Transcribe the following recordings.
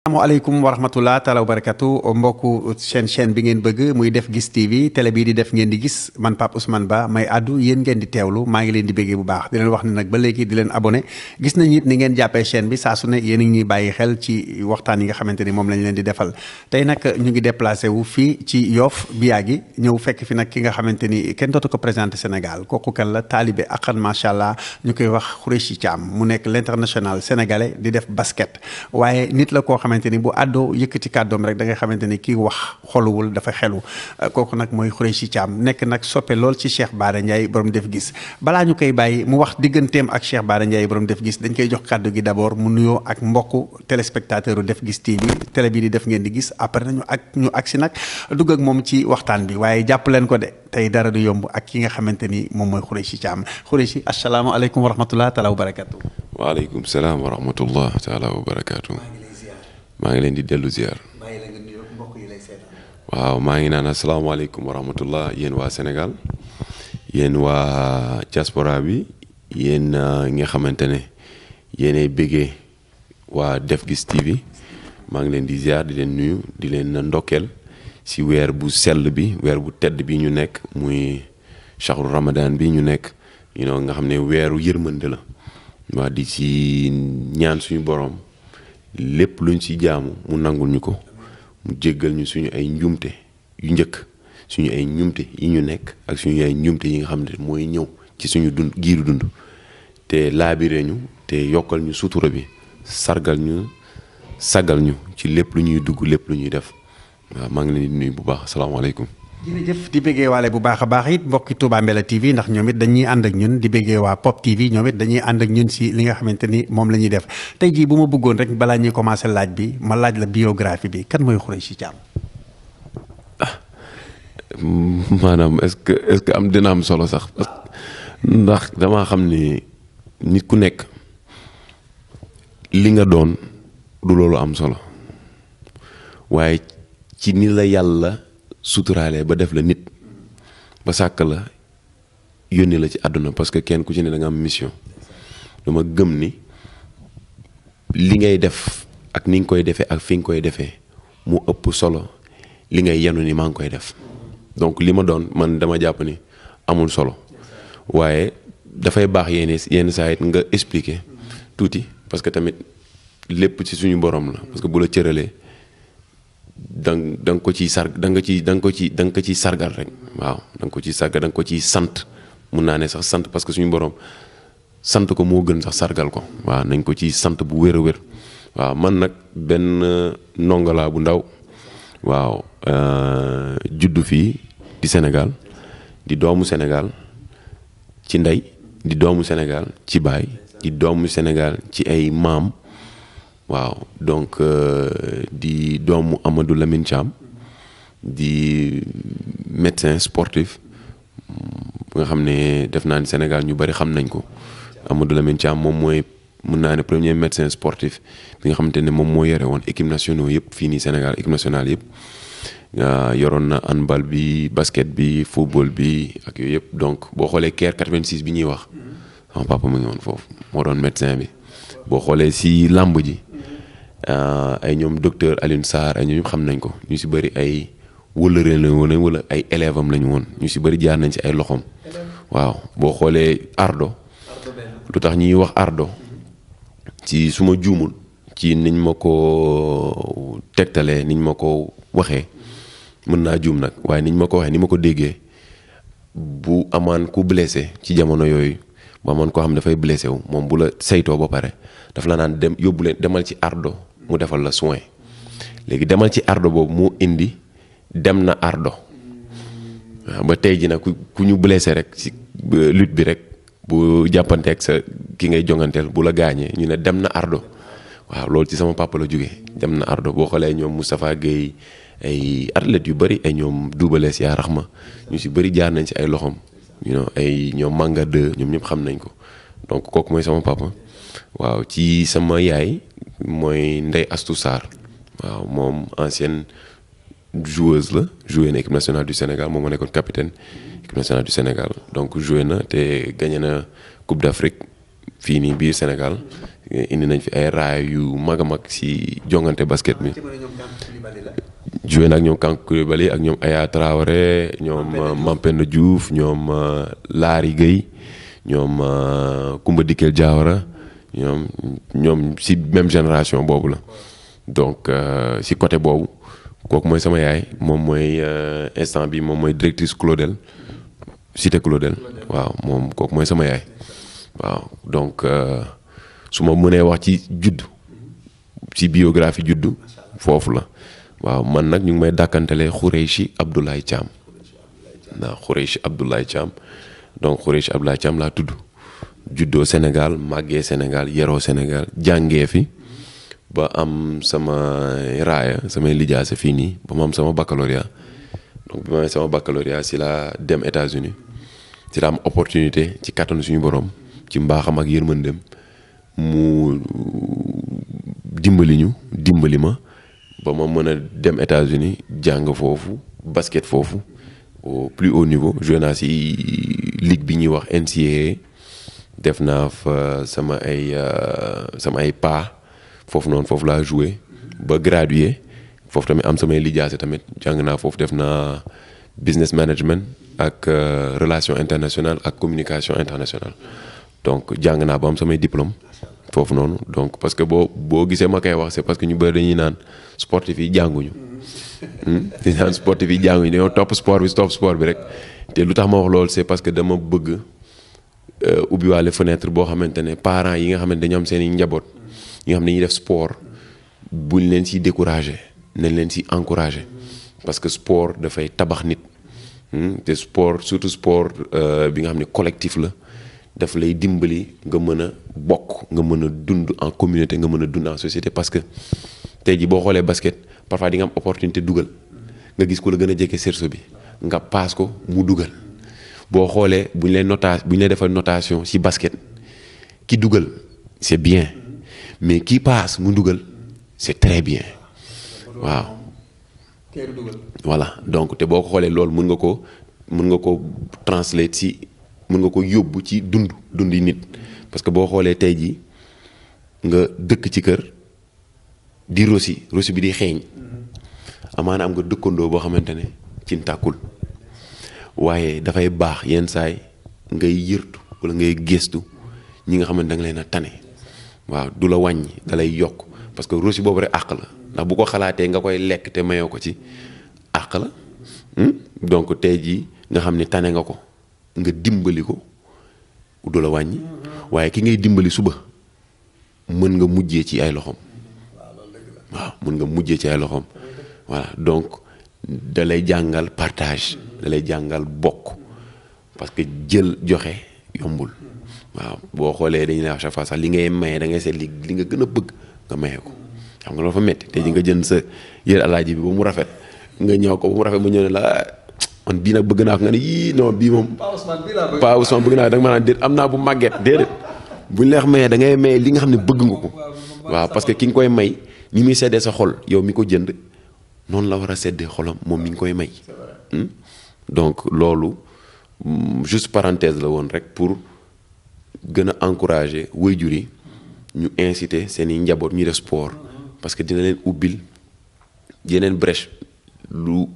asalaamaaleykum wa rahmatullah taala wa barakatu mbokku chaîne chaîne bi ngeen bëgg muy def gis TV télé bii di def ngeen di gis man Pape Ousmane Ba may addu yéen ngeen di teewlu maa ngi leen di bëggee bu baax di leen wax ne nag ba léegi di leen abonné gis nañ it ni ngeen jàppee chaîne bi saa ne yéen a ngi xel ci waxtaan yi nga xamante ni moom lañ leen di defal tey nag ñu ngi déplacé wu fii ci Yoff biyaa gi ñëw fekk fi nag ki nga xamante ni kenn dootu ko présenté Sénégal kooku kan la taalibe aqan macha allah ñu koy wax Khoureychi Thiam mu nekk l' international sénégalais di def basket nit la koo xam xamante ni bu àddoo yëkkati kàddoom rek da nga xamante ni kii wax xoluwul dafa xelu euh, kooku nag mooy Khoureychi Thiam nekk nag soppe lool ci Cheikh Bara Ndiaye borom def gis balaa ñu koy bàyyi mu wax digganteem ak Cheikh Bara Ndiaye borom def gis dañ koy jox kàddu gi d'abord mu nuyoo ak mbokk téléspectateur def gis TV télé bii di def ngeen di gis après nañu ak ñu agsi nag dugg ak moom ci waxtaan bi waaye jàpp leen ko de tey dara du yomb ak ki nga xamante ni moom mooy Khoureychi Thiam Khoureychi asalaamaaleykum wa rahmatullah taala wa barakatu waaleykum salaam wa rahmatullah taala wa barakatu maa ngi leen di dellu ziar. waaw maa ngi naan asalaamaaleykum wa rahmatullah yéen waa Sénégal yéen waa diaspora bi yéen euh, nga xamante ne yéenay bëggee waa Def Guiss TV maa ngi leen di ziar di leen nuyu di leen ndokkeel si weer bu sell bi weer bu tedd bi ñu nekk muy chahru ramadan bi ñu nekk you know nga xam ne weeru yërmande la waa di si ñaan suñu borom. lépp luñ ci jaamu mu nangul ñu ko mu jéggal ñu suñu ay njumte yu njëkk suñu ay njumte yi ñu nekk ak suñu ay njumte yi nga xam ne mooy ñëw ci suñu dund giiru dund te laabire ñu te yokkal ñu sutura bi sargal ñu sagal ñu ci lépp lu ñuy dugg lépp lu ñuy def waaw maa ngi leen di nuyu bu baax asalaamaaleykum jërëjëf di bëggee waale bu baaxa baax it mbokki Touba Mbella TV ndax ñoom it dañuy ànd ak ñun di bëggee waa Pop TV ñoom it dañuy ànd ak ñun si li nga xamante ni moom la ñuy def tey jii bu ma bëggoon rek balaa ñuy commencé laaj bi ma laaj la biographie bi kan mooy Khoureychi Thiam. Ah, maanaam est-ce am dina am solo sax ndax damaa xam ni nit ku nekk li nga doon du loolu am solo waaye ci ni la yàlla. suturaalee ba def la nit ba sàkk la yónni la ci àdduna parce que kenn ku ci ne danga am mission dama gëm ni li ngay def ak ni nga koy defee ak fi nga koy defee mu ëpp solo li ngay yenu ni maa ngi koy def donc li ma doon man dama jàpp ni amul solo waaye dafay baax yenn yenn saa it nga expliquer tuuti parce que tamit lépp ci suñu borom la parce que bu la cëralee da da ko ciy sar da nga ci da ko ci da ko ciy sargal rek waaw da ko ci sargal da ko ci sant mun naa ne sax sant parce que suñu borom sant ko moo gën sax sargal ko waaw nañ ko ci sant bu wér a wér waaw man nag benn ndongo laa bu ndaw waaw euh, juddu fii di Sénégal di doomu Sénégal ci ndey di doomu Sénégal ci baay di doomu Sénégal ci ay maam waaw donc euh, di doomu Amadou Lamine Thiam di médecin sportif nga xam ne def naa ni Sénégal ñu bari xam nañ ko Amadou Lamine Thiam moom mooy mën naa ne premier médecin sportif bi nga xamante ne moom moo yore woon équipe nationale yëpp fii nii Sénégal équipe nationale yëpp yoroon na handball bi basket bi football bi ak yooyu yëpp donc boo xoolee Caire 86 bi ñuy wax sama papa mu ngi woon foofu moo doon médecin bi boo xoolee si làmb ji. Euh, ay ñoom docteur Alioune Sarr ay ñoom xam nañ ko ñu si bëri ay wëllëree lañ woon wala ay élève am lañ woon ñu si bëri jaar nañ si ay loxoom. waaw boo xoolee Ardo. lu tax ñuy wax Ardo. ci su ma juumul. ci niñ ma ko tegtalee niñ ma ko waxee. mën naa juum nag waaye niñ ma ko waxee ni ma ko déggee bu amaan ku blessé ci jamono yooyu bu amaan koo xam dafay blessé wu moom bu la saytoo ba pare daf la naan dem yóbbu leen demal ci Ardo. mu defal la soin léegi demal ci ardo boobu mu indi dem na ardo waaw ba tey ji nag ku ñu blessé rek ci lutte bi rek bu jàppanteeg sa ki ngay jonganteel bu la gaañee ñu ne dem na ardo waaw loolu ci sama papa la jóge dem na ardo boo xoolee ñoom Moustapha Guèye ay athlètes yu bari ay ñoom duubalees yaa raxma ñu si bëri jaar nañ si ay loxoom ñu know ay ñoom manga de ñoom ñëpp xam nañ ko donc kook mooy sama papa waaw ci sama yaay mooy Ndeye Astou Sarr waaw moom ancienne joueuse la joué na équipe nationale du Sénégal moom moo nekkoon capitaine équipe nationale du Sénégal donc joué na te gagné na Coupe d'Afrique fii nii biir Sénégal indi nañ fi ay raay yu mag a mag si jongante basket bi. joué na ak ñoom Kankou Koulibaly ak ñoom Aya Traoré ñoom Mampenda euh, Diouf ñoom euh, Laari Gueye ñoom Koumba euh, Dikel Diawara. ñoom ñoom si même génération boobu la donc euh, si côté boobu kooku mooy sama yaay moom mooy euh, instant bi moom mooy directrice Claudel cité Claudel waaw moom kooku mooy sama yaay waaw donc euh, su ma mënee wax ci juddu ci biographie juddu foofu la waaw man nag ñu ngi may dàkkantelee Khoureychi Abdoulaye Thiam waaw Khoureychi Abdoulaye Thiam donc Khoureychi Abdoulaye Thiam laa tudd. juddoo Sénégal màggee Sénégal yeroo Sénégal jàngee fi ba am sama raaya samay lijaasa fii nii ba ma am sama baccalauréat donc bi ma sama baccalauréat si laa dem États-Unis si laa am opportunité ci kàttanu suñu borom ci mbaaxam ak yërmandem mu dimbali ñu dimbali ma ba ma mën a dem États-Unis jàng foofu basket foofu au plus haut niveau joué yi si bi ñuy wax NCAA. def naa fa euh, sama ay euh, sama ay pas foofu noonu foofu laa joué ba gradué foofu tamit am samay lijaase tamit jàng naa foofu def naa business management ak euh, relation internationale ak communication internationale donc jàng naa ba am samay diplôme foofu noonu donc parce que boo boo gisee ma koy wax c'est parce que ñu bëri dañuy naan sportif yi jànguñu hmm? dañu naan sportif yi jànguñu dañoo topp sport bi topp sport bi rek te lu tax ma wax loolu parce que dama bëgg Euh, ubbiwaale fenêtre boo xamante ne parent yi nga xamante dañu am seeni njaboot yi nga xam ne dañuy def sport buñ leen si découragé nañ leen si encouragé parce que sport dafay tabax nit hmm? te sport surtout sport euh, bi nga xam ne collectif la daf lay dimbali nga mën a bokk nga mën a dund en communauté nga mën a dund en société parce que tey ji boo xoolee basket parfois di nga am opportunité dugal nga gis ko la gën a jege cerceau bi nga paas ko mu dugal boo xoolee bu ñu lay nota bu ñu lay defal notation si basket ki dugal c'est bien mais ki passe mu dugal c'est très bien waaw. voilà donc te boo xoolee loolu mën nga ko mën nga ko translate ci mën nga ko yóbbu ci dund dund yi nit parce que boo xoolee tey jii nga dëkk ci kër di rosi rosi bi di xeeñ mm-hmm. amaana am nga dëkkandoo boo xamante ne ci ntàkkul waaye dafay baax yenn saay ngay yërtu wala ngay gëstu ñi nga xam ne da leen a tane waaw du la wàññi dalay lay yokk parce que rosi boobu rek àq la ndax bu ko xalaatee nga koy lekk te mayoo ko ci àq la hmm? donc tey jii nga xam ni tane nga ko nga dimbali ko du la wàññi waaye ki ngay dimbali suba mën nga mujjee ci ay loxoom waaw mën nga mujjee ci ay loxoom voilà donc. da lay jàngal partage da lay jàngal bokk parce que jël joxe yombul waaw boo xoolee dañuy la wax chaque sax li ngay maye da ngay seet li li nga gën a bëgg nga maye ko fa metti te nga jënd sa yër alaaji bi ba mu rafet nga ñëw ko ba mu rafet mu ñëw ne la man bii nag bëgg naa ko nga ne yii non bii moom Pa Ousmane bëgg naa ko da nga maanaam déet am naa bu màgget déedéet bu ñu leex mayee da ngay maye li nga xam ne bëgg nga ko waaw parce que ki nga koy may ni muy seddee sa xol yow mi ko jënd noonu la war a seddee xolam moom mi ngi koy may. Hmm? donc loolu mm, juste parenthèse la woon rek pour gën a encourager waajur yi ñu inciter seen i njaboot ñu def sport parce que dina leen ubbil yeneen brèche lu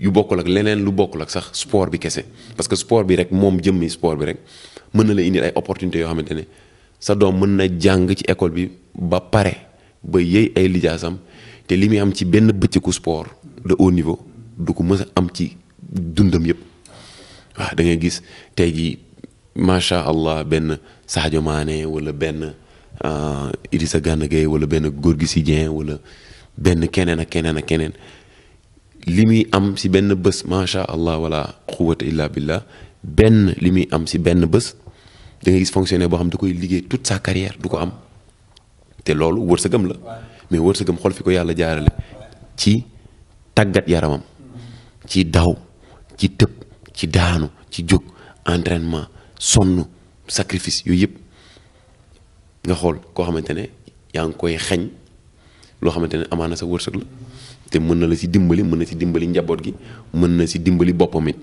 yu bokk ak leneen lu bokkul ak sax sport bi kese parce que sport bi rek moom jëmmi sport bi rek mën na la indil ay opportunités yoo xamante ne sa doom mën na jàng ci école bi ba pare ba yëy ay lijaasam te li muy am ci benn bëccëgu sport de niveau du ko mës am ci dundam yëpp waaw da gis tey jii macha allah benn Sadio Mané wala benn ah, Idrissa Gana Gueye wala benn Gorgui Sy Dieng wala benn keneen ak keneen ak keneen li muy am ci benn bés macha allah wala quwwata benn li muy am si benn bés da ngay gis fonctionnaire boo xam da koy liggéey toute sa carrière du ko am te loolu wërsëgam la. mais wërsëgam xol fi ko yàlla jaarale ci tàggat yaramam ci daw ci tëb ci daanu ci jóg entraînement sonn sacrifice yooyu yëpp nga xool koo xamante ne yaa ngi koy xañ loo xamante ne amaana sa wërsëg la te mën na la ci dimbali mën na ci dimbali njaboot gi mën na ci dimbali boppam it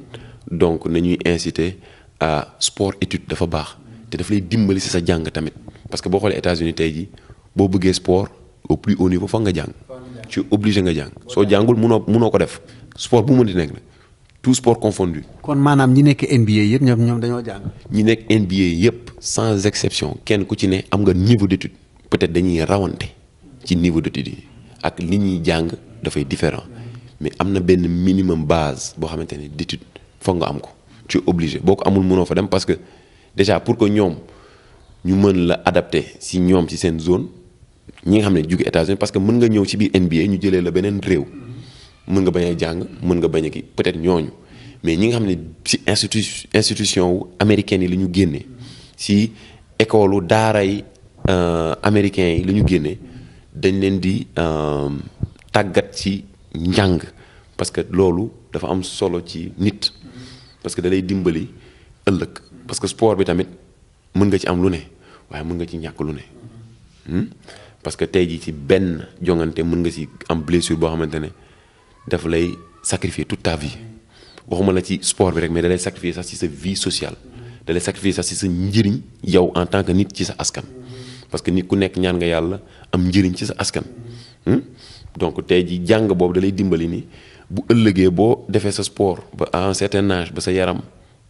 donc nañuy inciter à sport étude dafa baax te daf lay dimbali ci sa jàng tamit parce que boo xoolee États-Unis tey ji boo bëggee sport au plus au niveau foog nga jàng. ci obligé nga jàng soo jàngul munoo munoo ko def sport bu mu mënti nekk la tout sport confondu. kon maanaam ñi nekk NBA yëpp ñoom ñoom dañoo jàng. ñi nekk NBA yëpp sans exception kenn ku ci ne am nga niveau d'étude peut-être dañuy rawante ci niveau d'étude yi ak li ñuy jàng dafay différent mais am na benn minimum base boo xamante ne d'étude foog nga am ko ci obligé boo ko amul munoo fa dem parce que déjà pour que ñoom ñu mën la adapter si ñoom ci seen zone. ñi nga xam ne jóge États-Unis parce que mën nga ñëw ci biir NBA ñu jëlee la beneen réew mën nga bañ jàng mën nga bañ a ki peut-être ñooñu mais ñi nga xam ne ci institu institution wu américaine yi lu ñu génne ci école u daara yi euh, américain yi lu ñu génne dañ leen di euh, tàggat ci njàng parce que loolu dafa am solo ci nit parce que da dimbali ëllëg parce que sport bi tamit mën nga ci am lu ne waaye mën nga ci ñàkk lu ne hmm? parce que tey jii ci benn jongante mën nga ci am blessure boo xamante ne daf lay sacrifier tout ta vie waxuma la ci sport bi rek mais dalay lay sacrifier sax ci sa vie sociale dalay lay sacrifier sax ci sa njëriñ yow en tant que nit ci sa askan. parce que nit ku nekk ñaan nga yàlla am njëriñ ci sa askan. Hmm? donc tey ji jàng boobu da lay dimbali ni bu ëllëgee boo defee sa sport ba à un certain ba sa yaram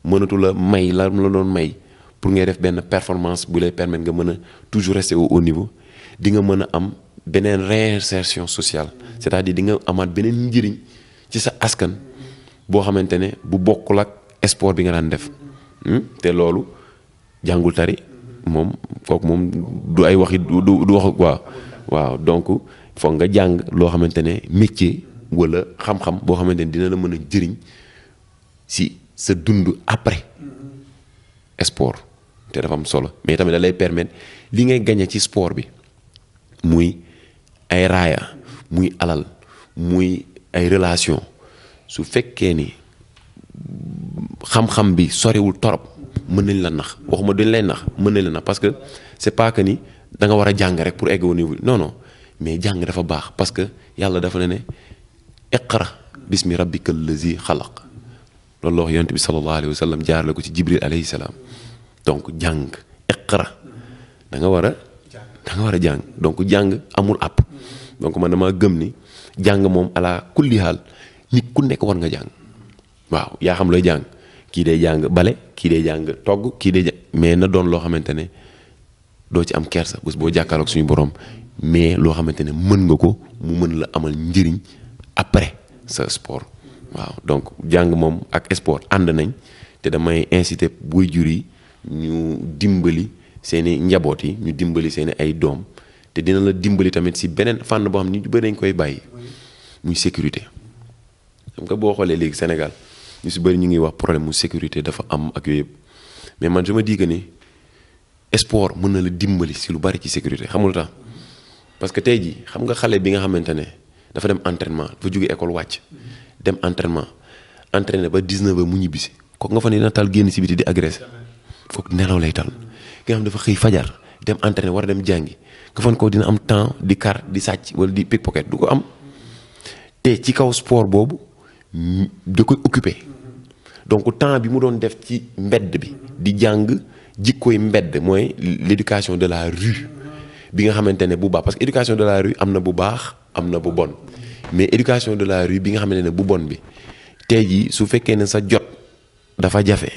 mënatu la may la mu la doon may pour ngay def benn performance bu lay permettre nga mën a toujours rester au haut di nga mën a am beneen réinsertion sociale c'est-à-dire di nga amaat beneen njëriñ ci sa askan boo xamante ne bu bokkul ak sport bi nga daan def hmm? te loolu jàngul tari moom kooku moom du ay waxi du du wax waaw waaw donc foog nga jàng loo xamante ne métier walla xam-xam boo xamante ne dina la mën a jëriñ si sa dund après sport te dafa am solo mais tamit da lay permettre li ngay gañe ci sport bi muy ay raaya muy alal muy ay relation su fekkee ni xam-xam bi sorewul torop mën nañ la nax waxuma duñ lay nax mën nañ la nax parce que c'est pas que ni da nga war a jàng rek pour egg au niveau non mais jàng dafa baax parce que yàlla dafa ne ne iqra bismi rabbika allazi xalaq loolu la wax yonent bi sallallahu alayhi wa sallam jaar la ko ci jibril alayhi salaam donc jàng iqra da war nga war a jàng donc jàng amul àpp donc man dama gëm ni jàng moom alaa kulli haal nit ku nekk war nga jàng waaw yaa xam looy jàng kii day jàng bale kii day jàng togg kii day jàng na doon loo xamante ne doo ci am kersa bés boo jàkkaarloog suñu borom mais loo xamante ne mën nga ko mu mën amal njëriñ après sa sport waaw donc jàng moom ak sport ànd nañ te damay incité buy jur ñu dimbali seeni njaboot yi ñu dimbali seeni ay doom te dina la dimbali tamit si beneen fànn boo xam ni ñu bëri dañ koy bàyyi muy sécurité xam nga boo xoolee léegi Sénégal ñu si bëri ñu ngi wax problème mu sécurité dafa am ak mais man je me ni sport mën na la dimbali si lu bari ci sécurité xamul tax parce que tey jii xam nga xale bi nga xamante ne dafa dem entraînement dafa jóge école wàcc dem entraînement entraîné ba 19 ba mu ñibbisi kook nga fa ne dina tal génn si biti di agressé kooku nelaw lay tal. ki nga xam dafa xëy fajar dem entraîner war a dem jàngi nga fan ko dina am temps di kar di sàcc wala di pickpocket du ko am te ci kaw sport boobu mm, da ko occuper donc temps bi mu doon def ci mbedd bi di jàng jikkoy mbedd mooy l'éducation de la rue bi nga xamante ne bu baax parce que éducation de la rue am na bu baax am na bu bon mais éducation de la rue bi nga xamante ne bu bon bi te ji su fekkee ne sa jot dafa jafe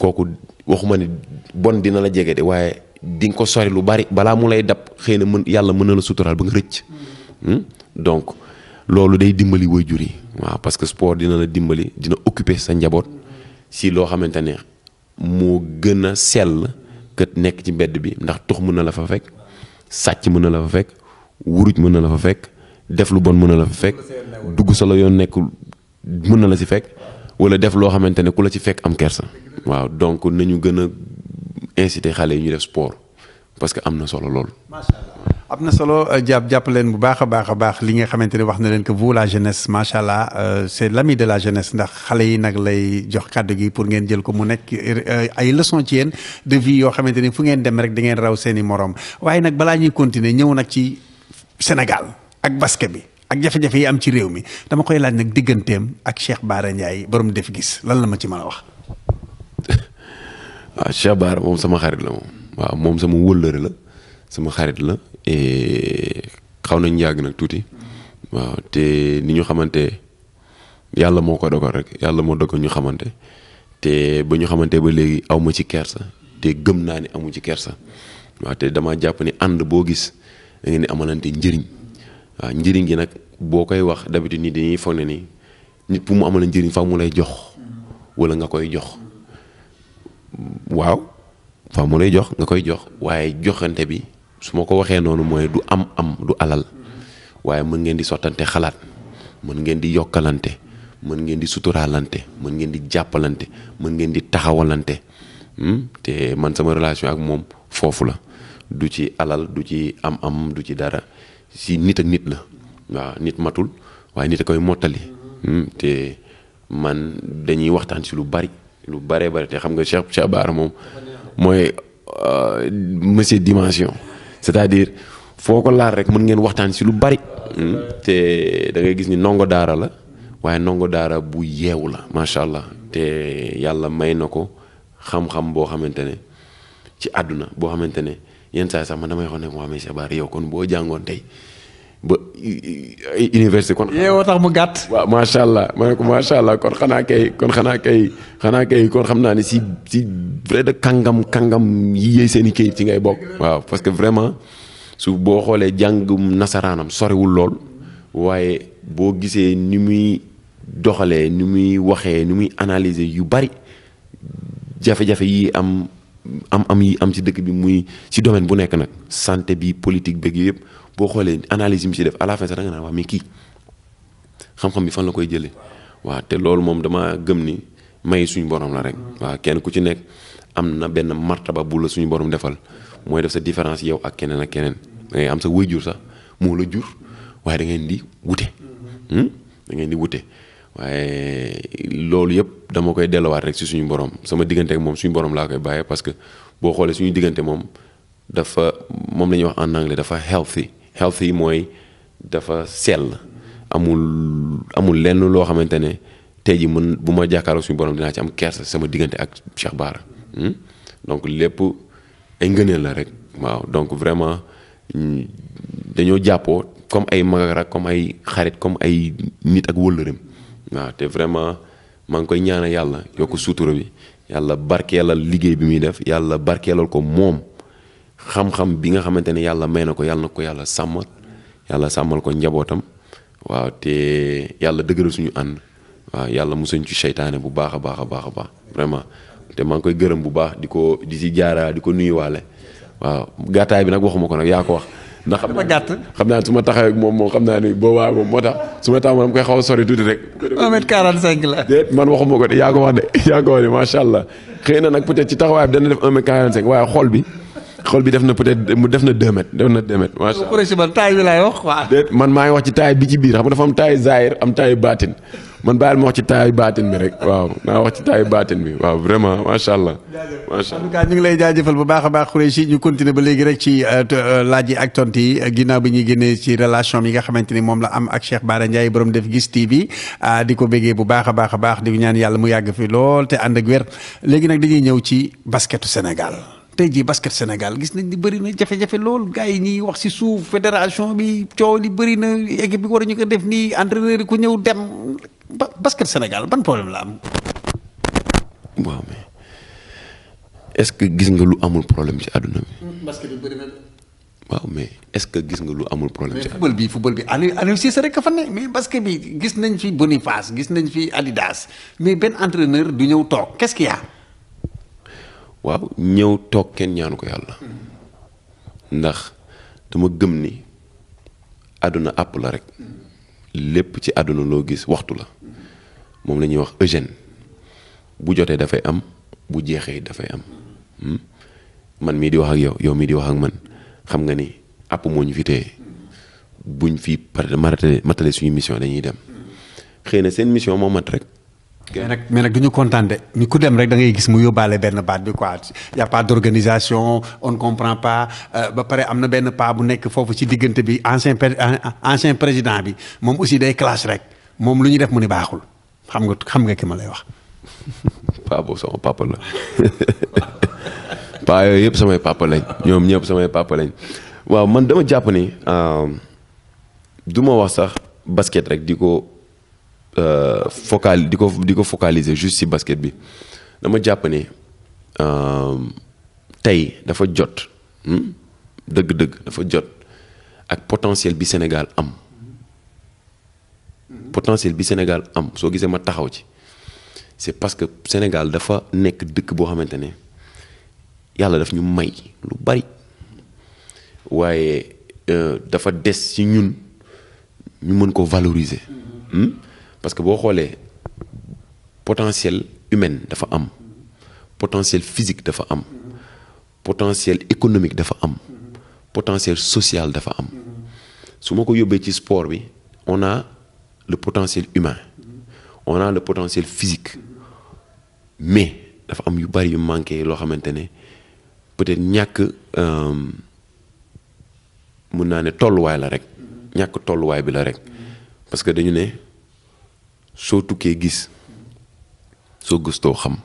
kooku waxuma ni bon dina la jege de waaye di nga ko sori lu bari balaa mu lay dab xëy na mën yàlla mën na la suturaal ba nga rëcc. Hmm? donc loolu day dimbali waajur juri waaw parce que sport dina la dimbali dina occuper sa njaboot si loo xamante ne moo gën a sell kët nekk ci mbedd bi ndax tux mën na la fa fekk sàcc mën na la fa fekk wuruj mën na la fa fekk def lu bon mën na la fa fekk dugg sa la yoon nekk mën na la si fekk wala def loo xamante ne ku la ci fekk am kersa. waaw donc nañu gën a inciter xale yi ñu def sport parce que am na solo lool. macha am na solo euh, jàpp jàpp leen bu baax a baax a baax li nga xamante ne wax na leen ko vous la jeunesse macha allah euh, c' est l' de la jeunesse ndax xale yi nag lay jox kàddu gi pour ngeen jël ko mu nekk euh, ay leçon ci yéen de vie yoo xamante ni fu ngeen dem rek da ngeen raw seen i morom waaye nag balaa ñuy continuer ñëw nag ci Sénégal ak basket bi ak jafe-jafe yi am ci réew mi dama koy laaj nag digganteem ak Cheikh Bara Ndiaye borom def gis lan la ma ci mën wax. waaw ah, Cheikh Bara moom sama xarit la moom waaw moom sama wëllëre la sama xarit la xaw na yàgg nag tuuti waaw te ni ñu xamante yàlla moo ko dogal rek yàlla moo dogal ñu xamante te ba ñu xamante ba léegi awma ci kersa te gëm naa ni amul ci kersa waaw te dama jàpp ni ànd boo gis da ngeen di amalante njëriñ waaw njëriñ gi nag boo koy wax d'habitude nii dañuy foog ne ni nit pour mu amal njëriñ fa mu lay jox wala nga koy jox waaw fa mu lay jox nga koy jox waaye joxante bi su ma ko waxee noonu mooy du am am du alal waaye mën ngeen di sottante xalaat mën ngeen di yokkalante mën ngeen di suturaalante mën ngeen di jàppalante mën ngeen di taxawalante hmm? te man sama relation ak moom foofu la du ci alal du ci am am du ci dara si nit ak nit la waaw nit matul waaye nit a koy mottali hmm? te man dañuy waxtaan si lu bari lu bare bare te xam nga Cheikh Cheikh Bara moom mooy euh, monsieur dimension c'est-à-dire foo ko laal rek mën ngeen waxtaan si lu bari. Hmm? te da ngay gis ni ndongo daara la waaye nongo daara bu yeewu la macha allah te yàlla may na ko xam-xam boo xamante ne ci àdduna boo xamante ne yenn saa sax man damay xool ne moo amee Cheikh Bara yow kon boo jàngoon tey. ba ay université kon. mu gàtt. waaw macha allah ma macha allah kon xanaa kay kon xanaa kay xanaa kay xam naa ne si si vrai de kàngam kàngam yi yéey seen i kayit ci ngay bokk. waaw parce que vraiment su boo xoolee jàngum nasaraanam soriwul lool waaye boo gisee ni muy doxalee ni muy waxee ni muy analyser yu bari jafe-jafe yi am. am am yi am ci dëkk bi muy ci domaine bu nekk nag santé bi politique beeg yëpp boo xoolee analyse yi mu ci def à la fin sax da nga naan wax kii xam-xam bi fan la koy jëlee waaw te loolu moom dama gëm ni may suñu borom la rek. waaw kenn ku ci nekk am na benn martaba bu la suñu borom defal mooy def sa différence yow ak keneen ak keneen da am sa wëy jur sax moo la jur waaye da ngeen di wute. Hmm? da ngeen di wute. waaye loolu yëpp dama koy delluwaat rek ci suñu borom sama diggante ak moom suñu borom laa koy bàyyee parce que boo xoolee suñu diggante moom dafa moom la ñuy wax en anglais dafa healthy healthy mooy dafa sell amul amul lenn loo xamante ne tey jii mën bu ma jàkkaarloo suñu borom dinaa ci am kersa sama diggante ak Cheikh Bara hmm? donc lépp ay ngëneel la rek waaw donc vraiment dañoo jàppoo comme ay mag comme ay xarit comme ay nit ak wëllëreem waaw te vraiment maa ngi koy ñaanal yàlla yokk sutura bi yàlla barkeelal liggéey bi muy def yàlla barkeelal ko moom xam-xam bi nga xamante ne yàlla may na ko yàlla na ko yàlla sàmmal yàlla sàmmal ko njabootam waaw te yàlla dëgëral suñu ànd waaw yàlla musuñ ci seytaane bu baax a baax a baax a baax vraiment te maa ngi koy gërëm bu baax di ko di si jaaraa di ko nuyuwaale waaw gàttaay bi nag waxuma ko nag yaa ko wax ndax xam naa xam naa su ma taxawee moom moom xam naa ni boobaa moom moo tax su ma taxaw ma koy xaw a tuuti rek. 1 mètre 45 la. man waxuma ko de yaa wax de yaa ko wax de macha allah xëy na nag peut-être ci taxawaay bi dana def 1 mètre 45 waaye xol bi xol bi def na peut-être mu def na deux mètres def na deux mètres macha allah man wax waaw. déet maa ngi wax ci taay bi ci biir xam nga dafa am taay am taay baatin man bàyyil ma wax ci taay baatin bi rek waaw naa wax ci taay baatin bi waaw vraiment macha allah. macha allah en ñu ngi lay jaajëfal bu baax a baax kuréel si ñu continuer ba léegi rek ci euh, euh, laaj yi ak tontu yi ginnaaw bi ñuy génnee ci relation bi nga xamante ni moom la am ak Cheikh Bara Ndiaye borom def gis TV ah, di ko béggee bu baax a baax a baax di ñaan yàlla mu yàgg fi lool te ànd wér léegi nag dañuy ñëw ci basketu Sénégal tey jii basket Sénégal gis nañ ni bëri na jafe-jafe lool gars yi ñuy wax si suuf fédération bi coow li bëri na équipe bi war ñu ko def nii entraîneur yi ku ñëw dem ba basket Sénégal ban problème la am. waaw mais est-ce que gis nga lu amul problème ci àdduna bi. basket bi bëri na waaw mais est-ce que gis nga lu amul problème. ci football bi football bi Aliou Aliou Cissé rek a fa ne mais basket bi gis nañ fi Boniface gis nañ fi Adidas mais benn entraîneur du ñëw toog qu'est-ce qu'il y a. waaw ñëw toog kenn ñaanu ko yàlla ndax dama gëm ni àdduna àpp la rek lépp ci àdduna loo gis waxtu la moom la ñuy wax eugène bu jotee dafay am bu jeexee dafay am hmm? man mii di wax ak yow yow mii di wax ak man xam nga ni àpp moo ñu fi téye buñ fi pare matale suñu mission dañuy dem xëy na seen mission moo mat rek. mais nag mais nag du ñu kontaan de ñu ku dem rek da ngay gis mu yóbbaale benn baat bi quoi y' a pas on comprend pas euh, ba pare am na benn pas bu nekk foofu ci diggante bi ancien ancien président bi moom aussi day classe rek moom lu ñu def mu ni baaxul xam nga xam nga ki ma lay wax. paa boobu sama papa la paa yëpp samay papa ñoom ñëpp samay papa waaw man dama jàpp ni euh, du ma wax sax basket rek di ko. Euh, focal di ko di ko focaliser juste ci basket bi dama jàpp ne euh, tey dafa jot hmm? dëgg-dëgg dafa jot ak potentiel bi Sénégal am hmm. potentiel bi Sénégal am soo gisee ma taxaw ci c'est parce que Sénégal dafa nekk dëkk boo xamante ne yàlla daf ñu may lu bari waaye euh, dafa des ci ñun ñu mën ko valoriser. Hmm. parce que boo xoolee potentiel humain dafa am potentiel physique dafa am potentiel économique dafa am potentiel sociale dafa am su ma ko yóbbee ci sport bi on a le potentiel humain on a le potentiel physique mais dafa am yu bari yu manqué loo xamante ne peut-être ñàkk euh, mun naa ne tolluwaay la rek ñàkk tolluwaay bi la rek parce que dañu ne. soo tukkee gis soo gëstoo xam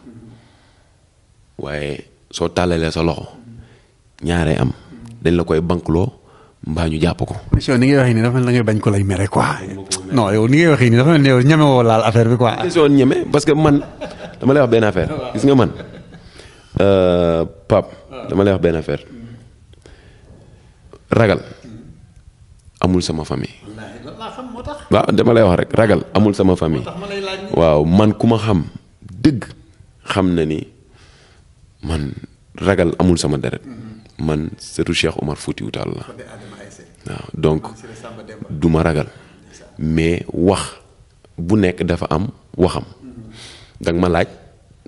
waaye soo tàllalee sa loxo ñaaree am dañ la koy bankloo mbaa ñu jàpp ko. monsieur ni ngay waxee nii dafa mel ni ngay bañ ko lay mere quoi. ni ngay waxee nii ni yow ñeme woo laal affaire bi quoi. question ñeme parce que man dama lay wax benn affaire nga man euh, dama lay wax ragal amul sama famille. waaw dama lay wax rek ragal amul sama famille. waaw man ku ma xam dëgg xam na ni man ragal amul sama deret mm-hmm. man sëtu Cheikh Omar Foutiyou Tall la waaw donc du ma ragal mais wax bu nekk dafa am waxam mm-hmm. danga ma laaj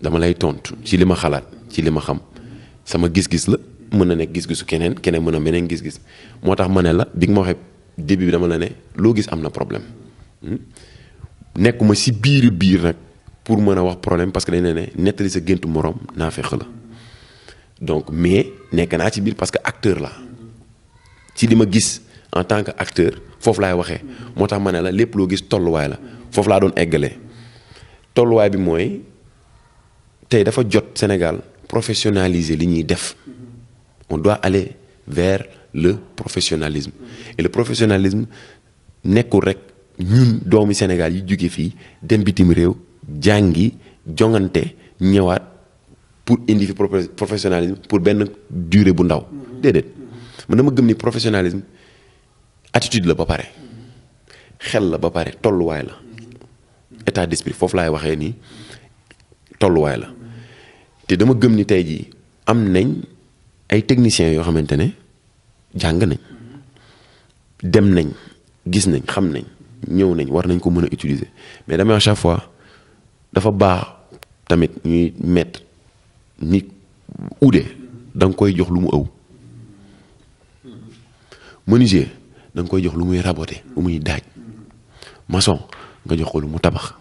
dama lay tontu ci li ma xalaat ci li ma xam mm-hmm. sama gis-gis la mën na nekk gis-gisu keneen keneen mën na meneen gis-gis moo tax ma ne la bi nga ma waxee début bi dama la ne loo gis am na problème hmm? nekkuma si biir biir nag pour mën a wax problème parce que dañ ne ne nettali sa géntu moroom naa fexe la donc mais nekk naa ci biir parce que acteur la ci li ma gis en tant que acteur foofu laay waxee moo tax ma ne la lépp loo gis tolluwaay la foofu laa doon eggalee tolluwaay bi mooy tey dafa jot Sénégal professionnaliser li ñuy def on doit aller vers le professionnalisme et nekkul rek ñun doomu Sénégal yi juge fii dem bitim réew jàngi jongante ñëwaat pour indi fi professionnalisme pour benn durée bu ndaw déedéet man dama gëm ni professionnalisme attitude la ba pare xel la ba pare tolluwaay la état d'esprit foofu laay waxee nii tolluwaay la te dama gëm ni tey jii am nañ ay techniciens yoo xamante ne jàng nañ dem nañ gis nañ xam nañ ñëw nañ war nañ ko mën a utiliser mais damay à chaque fois dafa baax tamit ñuy mettre ni uude da nga koy jox lu mu ëw menuisier da nga koy jox lu muy raboter lu muy daaj maçon nga jox ko lu mu tabax